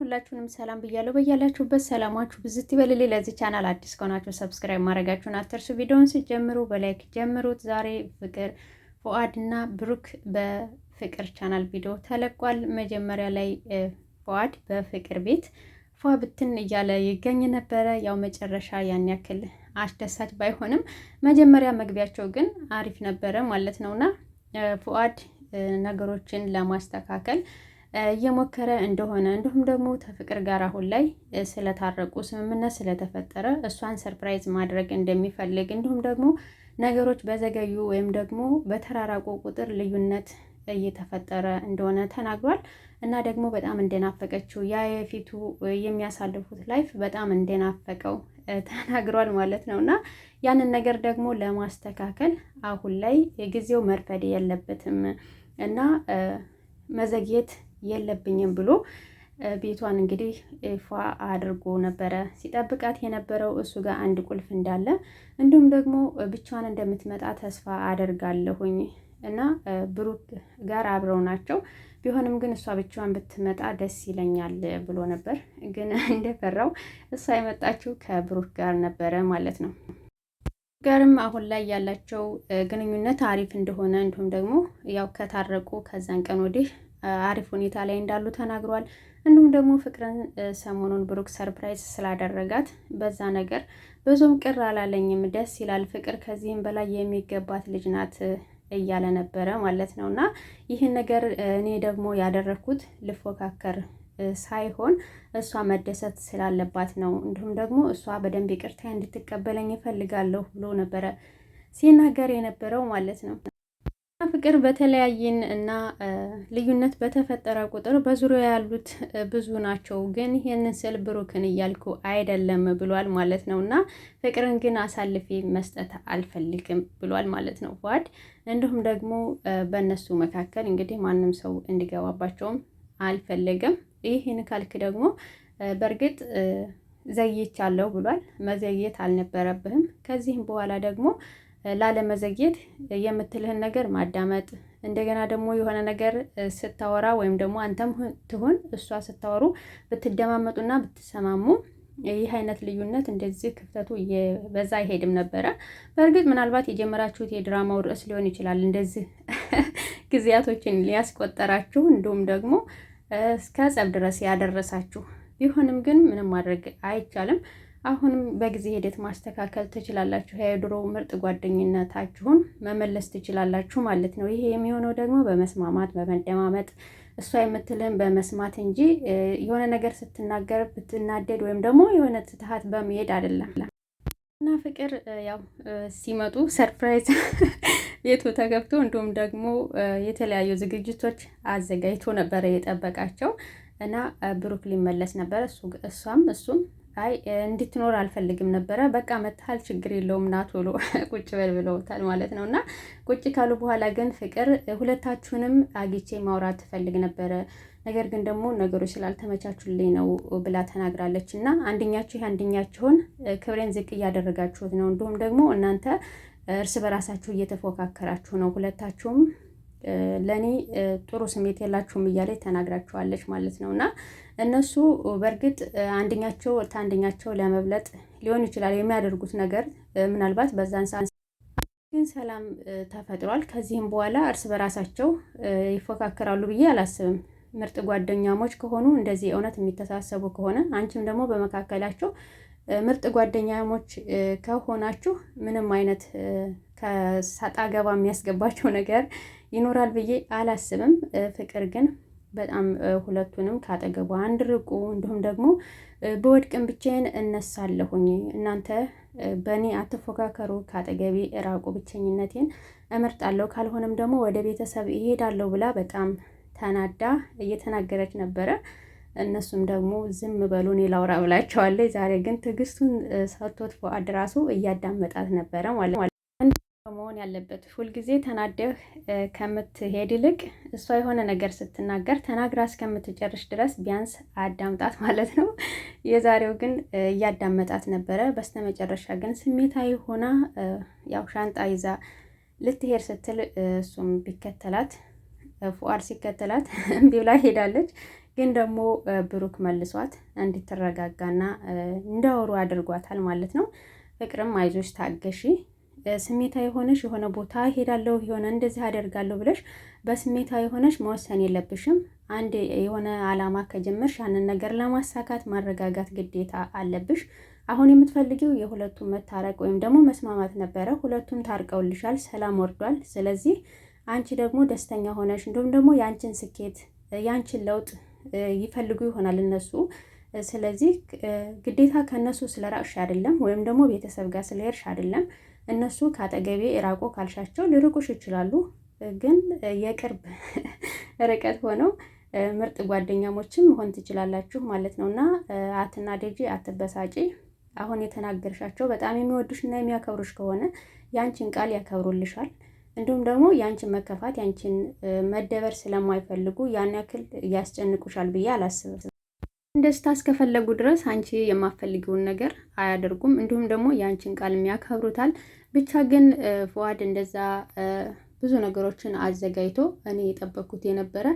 ሁላችሁንም ሰላም ብያለሁ። በያላችሁበት ሰላማችሁ ብዝት ይበልል። ለዚህ ቻናል አዲስ ከሆናችሁ ሰብስክራይብ ማድረጋችሁን አትርሱ። ቪዲዮውን ስትጀምሩ በላይክ ጀምሩት። ዛሬ ፍቅር ፉአድ እና ብሩክ በፍቅር ቻናል ቪዲዮ ተለቋል። መጀመሪያ ላይ ፉአድ በፍቅር ቤት ፏ ብትን እያለ ይገኝ ነበረ። ያው መጨረሻ ያን ያክል አስደሳች ባይሆንም መጀመሪያ መግቢያቸው ግን አሪፍ ነበረ ማለት ነውና ፉአድ ነገሮችን ለማስተካከል እየሞከረ እንደሆነ እንዲሁም ደግሞ ከፍቅር ጋር አሁን ላይ ስለታረቁ ስምምነት ስለተፈጠረ እሷን ሰርፕራይዝ ማድረግ እንደሚፈልግ እንዲሁም ደግሞ ነገሮች በዘገዩ ወይም ደግሞ በተራራቁ ቁጥር ልዩነት እየተፈጠረ እንደሆነ ተናግሯል። እና ደግሞ በጣም እንደናፈቀችው ያ የፊቱ የሚያሳልፉት ላይፍ በጣም እንደናፈቀው ተናግሯል ማለት ነው። እና ያንን ነገር ደግሞ ለማስተካከል አሁን ላይ የጊዜው መርፈድ የለበትም እና መዘግየት የለብኝም ብሎ ቤቷን እንግዲህ ፏ አድርጎ ነበረ ሲጠብቃት የነበረው። እሱ ጋር አንድ ቁልፍ እንዳለ እንዲሁም ደግሞ ብቻዋን እንደምትመጣ ተስፋ አደርጋለሁኝ እና ብሩክ ጋር አብረው ናቸው። ቢሆንም ግን እሷ ብቻዋን ብትመጣ ደስ ይለኛል ብሎ ነበር። ግን እንደፈራው እሷ የመጣችው ከብሩክ ጋር ነበረ ማለት ነው። ጋርም አሁን ላይ ያላቸው ግንኙነት አሪፍ እንደሆነ እንዲሁም ደግሞ ያው ከታረቁ ከዛን ቀን ወዲህ አሪፍ ሁኔታ ላይ እንዳሉ ተናግሯል። እንዲሁም ደግሞ ፍቅርን ሰሞኑን ብሩክ ሰርፕራይዝ ስላደረጋት በዛ ነገር ብዙም ቅር አላለኝም፣ ደስ ይላል፣ ፍቅር ከዚህም በላይ የሚገባት ልጅ ናት እያለ ነበረ ማለት ነው። እና ይህን ነገር እኔ ደግሞ ያደረግኩት ልፎካከር ሳይሆን እሷ መደሰት ስላለባት ነው። እንዲሁም ደግሞ እሷ በደንብ ይቅርታ እንድትቀበለኝ እፈልጋለሁ ብሎ ነበረ ሲናገር የነበረው ማለት ነው። ፍቅር በተለያየን እና ልዩነት በተፈጠረ ቁጥር በዙሪያ ያሉት ብዙ ናቸው፣ ግን ይህንን ስል ብሩክን እያልኩ አይደለም ብሏል ማለት ነው። እና ፍቅርን ግን አሳልፌ መስጠት አልፈልግም ብሏል ማለት ነው ዋድ እንዲሁም ደግሞ በእነሱ መካከል እንግዲህ ማንም ሰው እንዲገባባቸውም አልፈለግም። ይህን ካልክ ደግሞ በእርግጥ ዘግይቻለሁ ብሏል። መዘግየት አልነበረብህም። ከዚህም በኋላ ደግሞ ላለመዘግየት የምትልህን ነገር ማዳመጥ እንደገና ደግሞ የሆነ ነገር ስታወራ ወይም ደግሞ አንተም ትሁን እሷ ስታወሩ ብትደማመጡና ብትሰማሙ ይህ አይነት ልዩነት እንደዚህ ክፍተቱ እየበዛ አይሄድም ነበረ። በእርግጥ ምናልባት የጀመራችሁት የድራማው ርዕስ ሊሆን ይችላል እንደዚህ ጊዜያቶችን ሊያስቆጠራችሁ እንዲሁም ደግሞ እስከ ጸብ ድረስ ያደረሳችሁ ቢሆንም ግን ምንም ማድረግ አይቻልም። አሁንም በጊዜ ሂደት ማስተካከል ትችላላችሁ። የድሮ ምርጥ ጓደኝነታችሁን መመለስ ትችላላችሁ ማለት ነው። ይሄ የሚሆነው ደግሞ በመስማማት በመደማመጥ እሷ የምትልን በመስማት እንጂ የሆነ ነገር ስትናገር ብትናደድ ወይም ደግሞ የሆነ ትትሀት በመሄድ አይደለም እና ፍቅር ያው ሲመጡ ሰርፕራይዝ ቤቱ ተገብቶ እንዲሁም ደግሞ የተለያዩ ዝግጅቶች አዘጋጅቶ ነበረ የጠበቃቸው እና ብሩክ ሊመለስ ነበረ። እሷም እሱም አይ እንድትኖር አልፈልግም ነበረ፣ በቃ መታል ችግር የለውም ና ቶሎ ቁጭ በል ብለውታል ማለት ነው። እና ቁጭ ካሉ በኋላ ግን ፍቅር ሁለታችሁንም አግቼ ማውራት ትፈልግ ነበረ፣ ነገር ግን ደግሞ ነገሮች ስላልተመቻቹልኝ ነው ብላ ተናግራለች። እና አንደኛችሁ አንደኛችሁን ክብሬን ዝቅ እያደረጋችሁት ነው፣ እንዲሁም ደግሞ እናንተ እርስ በራሳችሁ እየተፎካከራችሁ ነው ሁለታችሁም ለእኔ ጥሩ ስሜት የላችሁም እያለ ተናግራችኋለች ማለት ነው። እና እነሱ በእርግጥ አንደኛቸው ታንደኛቸው ለመብለጥ ሊሆን ይችላል የሚያደርጉት ነገር ምናልባት በዛን ሰዓት ግን ሰላም ተፈጥሯል። ከዚህም በኋላ እርስ በራሳቸው ይፎካከራሉ ብዬ አላስብም። ምርጥ ጓደኛሞች ከሆኑ እንደዚህ እውነት የሚተሳሰቡ ከሆነ አንቺም ደግሞ በመካከላቸው ምርጥ ጓደኛሞች ከሆናችሁ ምንም አይነት ከሳጣ ገባ የሚያስገባቸው ነገር ይኖራል ብዬ አላስብም። ፍቅር ግን በጣም ሁለቱንም ካጠገቡ አንድ ርቁ። እንዲሁም ደግሞ በወድቅም ብቻዬን እነሳለሁኝ፣ እናንተ በእኔ አትፎካከሩ፣ ካጠገቤ እራቁ፣ ብቸኝነቴን እመርጣለሁ፣ ካልሆነም ደግሞ ወደ ቤተሰብ እሄዳለሁ ብላ በጣም ተናዳ እየተናገረች ነበረ። እነሱም ደግሞ ዝም በሉ እኔ ላውራ ብላቸዋለች። ዛሬ ግን ትዕግስቱን ሰጥቶት ፎአድ ራሱ እያዳመጣት ነበረ ማለት መሆን ያለበት ሁልጊዜ ተናደህ ከምትሄድ ይልቅ እሷ የሆነ ነገር ስትናገር ተናግራ እስከምትጨርሽ ድረስ ቢያንስ አዳምጣት ማለት ነው። የዛሬው ግን እያዳመጣት ነበረ። በስተመጨረሻ ግን ስሜታዊ ሆና ያው ሻንጣ ይዛ ልትሄድ ስትል እሱም ቢከተላት ፉአድ ሲከተላት እምቢ ብላ ሄዳለች። ግን ደግሞ ብሩክ መልሷት እንድትረጋጋና እንዳወሩ አድርጓታል ማለት ነው። ፍቅርም አይዞች ታገሺ ስሜታዊ የሆነሽ የሆነ ቦታ ሄዳለሁ የሆነ እንደዚህ አደርጋለሁ ብለሽ በስሜታዊ የሆነሽ መወሰን የለብሽም። አንድ የሆነ አላማ ከጀመርሽ ያንን ነገር ለማሳካት ማረጋጋት ግዴታ አለብሽ። አሁን የምትፈልጊው የሁለቱም መታረቅ ወይም ደግሞ መስማማት ነበረ። ሁለቱም ታርቀውልሻል፣ ሰላም ወርዷል። ስለዚህ አንቺ ደግሞ ደስተኛ ሆነሽ እንዲሁም ደግሞ የአንቺን ስኬት የአንቺን ለውጥ ይፈልጉ ይሆናል እነሱ። ስለዚህ ግዴታ ከእነሱ ራቅሽ አይደለም ወይም ደግሞ ቤተሰብ ጋር ስለሄድሽ አይደለም። እነሱ ከአጠገቤ ራቆ ካልሻቸው ሊርቁሽ ይችላሉ። ግን የቅርብ ርቀት ሆነው ምርጥ ጓደኛሞችም መሆን ትችላላችሁ ማለት ነው። እና አትናደጂ፣ አትበሳጪ። አሁን የተናገርሻቸው በጣም የሚወዱሽ እና የሚያከብሩሽ ከሆነ ያንቺን ቃል ያከብሩልሻል። እንዲሁም ደግሞ ያንቺን መከፋት ያንቺን መደበር ስለማይፈልጉ ያን ያክል ያስጨንቁሻል ብዬ አላስብም። ደስታ እስከፈለጉ ድረስ አንቺ የማፈልጊውን ነገር አያደርጉም። እንዲሁም ደግሞ ያንቺን ቃል ያከብሩታል። ብቻ ግን ፍዋድ እንደዛ ብዙ ነገሮችን አዘጋጅቶ እኔ የጠበቅኩት የነበረ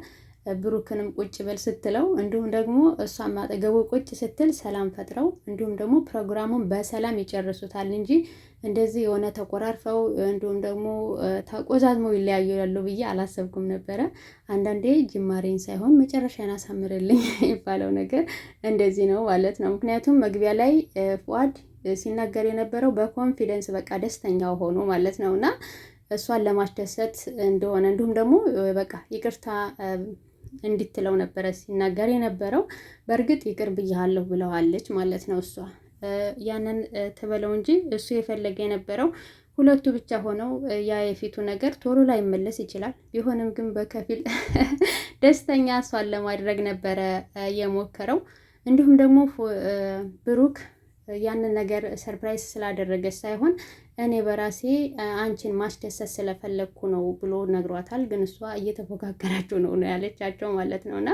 ብሩክንም ቁጭ በል ስትለው እንዲሁም ደግሞ እሷም አጠገቡ ቁጭ ስትል ሰላም ፈጥረው እንዲሁም ደግሞ ፕሮግራሙን በሰላም ይጨርሱታል እንጂ እንደዚህ የሆነ ተቆራርፈው እንዲሁም ደግሞ ተቆዛዝመው ይለያዩ ያሉ ብዬ አላሰብኩም ነበረ። አንዳንዴ ጅማሬን ሳይሆን መጨረሻን አሳምርልኝ የሚባለው ነገር እንደዚህ ነው ማለት ነው። ምክንያቱም መግቢያ ላይ ፍዋድ ሲናገር የነበረው በኮንፊደንስ በቃ ደስተኛው ሆኖ ማለት ነው እና እሷን ለማስደሰት እንደሆነ እንዲሁም ደግሞ በቃ ይቅርታ እንድትለው ነበረ ሲናገር የነበረው። በእርግጥ ይቅር ብያለሁ ብለዋለች ማለት ነው እሷ ያንን ትበለው እንጂ እሱ የፈለገ የነበረው ሁለቱ ብቻ ሆነው ያ የፊቱ ነገር ቶሎ ላይመለስ ይችላል። ቢሆንም ግን በከፊል ደስተኛ እሷን ለማድረግ ነበረ የሞከረው። እንዲሁም ደግሞ ብሩክ ያንን ነገር ሰርፕራይዝ ስላደረገች ሳይሆን እኔ በራሴ አንቺን ማስደሰት ስለፈለግኩ ነው ብሎ ነግሯታል። ግን እሷ እየተፎካከራችሁ ነው ነው ያለቻቸው ማለት ነው። እና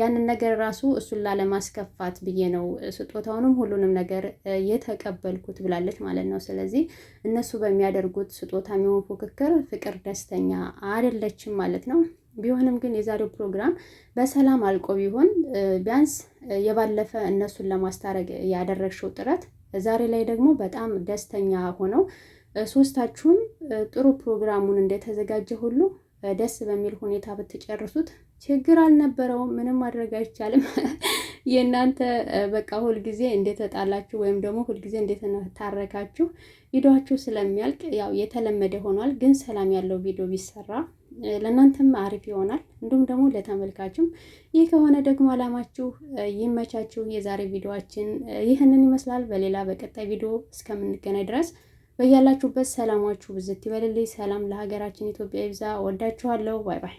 ያንን ነገር ራሱ እሱን ላለማስከፋት ብዬ ነው ስጦታውንም ሁሉንም ነገር የተቀበልኩት ብላለች ማለት ነው። ስለዚህ እነሱ በሚያደርጉት ስጦታ የሚሆን ፉክክር ፍቅር ደስተኛ አይደለችም ማለት ነው። ቢሆንም ግን የዛሬው ፕሮግራም በሰላም አልቆ ቢሆን ቢያንስ የባለፈ እነሱን ለማስታረቅ ያደረግሽው ጥረት ዛሬ ላይ ደግሞ በጣም ደስተኛ ሆነው ሶስታችሁም ጥሩ ፕሮግራሙን እንደተዘጋጀ ሁሉ ደስ በሚል ሁኔታ ብትጨርሱት ችግር አልነበረውም። ምንም ማድረግ አይቻልም። የእናንተ በቃ ሁልጊዜ እንደተጣላችሁ ወይም ደግሞ ሁልጊዜ እንደተታረካችሁ ቪዲዮችሁ ስለሚያልቅ ያው የተለመደ ሆኗል። ግን ሰላም ያለው ቪዲዮ ቢሰራ ለእናንተም አሪፍ ይሆናል፣ እንዲሁም ደግሞ ለተመልካችም። ይህ ከሆነ ደግሞ አላማችሁ ይመቻችሁ። የዛሬ ቪዲዮችን ይህንን ይመስላል። በሌላ በቀጣይ ቪዲዮ እስከምንገናኝ ድረስ በያላችሁበት ሰላማችሁ ብዝት ይበልልኝ። ሰላም ለሀገራችን ኢትዮጵያ ይብዛ። ወዳችኋለሁ። ባይ ባይ።